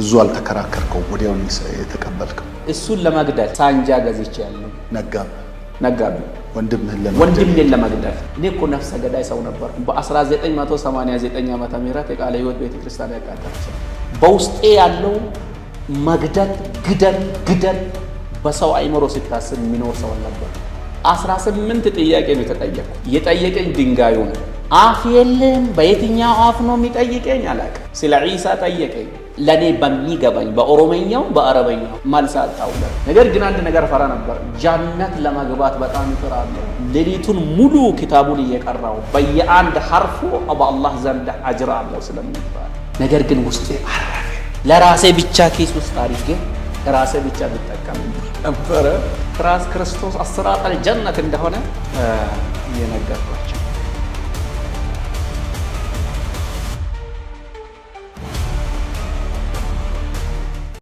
ብዙ አልተከራከርከው፣ ወዲያውን የተቀበልከው። እሱን ለመግደል ሳንጃ ገዝቼ ያለ ነጋ ነጋ ወንድምህን ለመግደል እኔ እኮ ነፍሰ ገዳይ ሰው ነበር። በ1989 ዓመተ ምህረት የቃለ ህይወት ቤተክርስቲያን ያቃጠለ በውስጤ ያለው መግደል፣ ግደል፣ ግደል በሰው አይምሮ ሲታስብ የሚኖር ሰው ነበር። 18 ጥያቄ ነው የተጠየቁ የጠየቀኝ ድንጋዩ ነው አፍ የለም። በየትኛው አፍ ነው የሚጠይቀኝ? አላቅ ስለ ዒሳ ጠየቀኝ። ለእኔ በሚገባኝ በኦሮመኛው በአረበኛው መልስ አጣውለ። ነገር ግን አንድ ነገር ፈራ ነበር። ጃነት ለመግባት በጣም ይፈራለ። ሌሊቱን ሙሉ ኪታቡን እየቀራው በየአንድ ሐርፉ በአላህ ዘንድ አጅር አለው ስለሚባል ነገር ግን ውስጤ አረፈ። ለራሴ ብቻ ኬስ ውስጥ አድርጌ ራሴ ብቻ ብጠቀም ነበረ። ራስ ክርስቶስ አስራጠል ጀነት እንደሆነ እየነገርኳቸው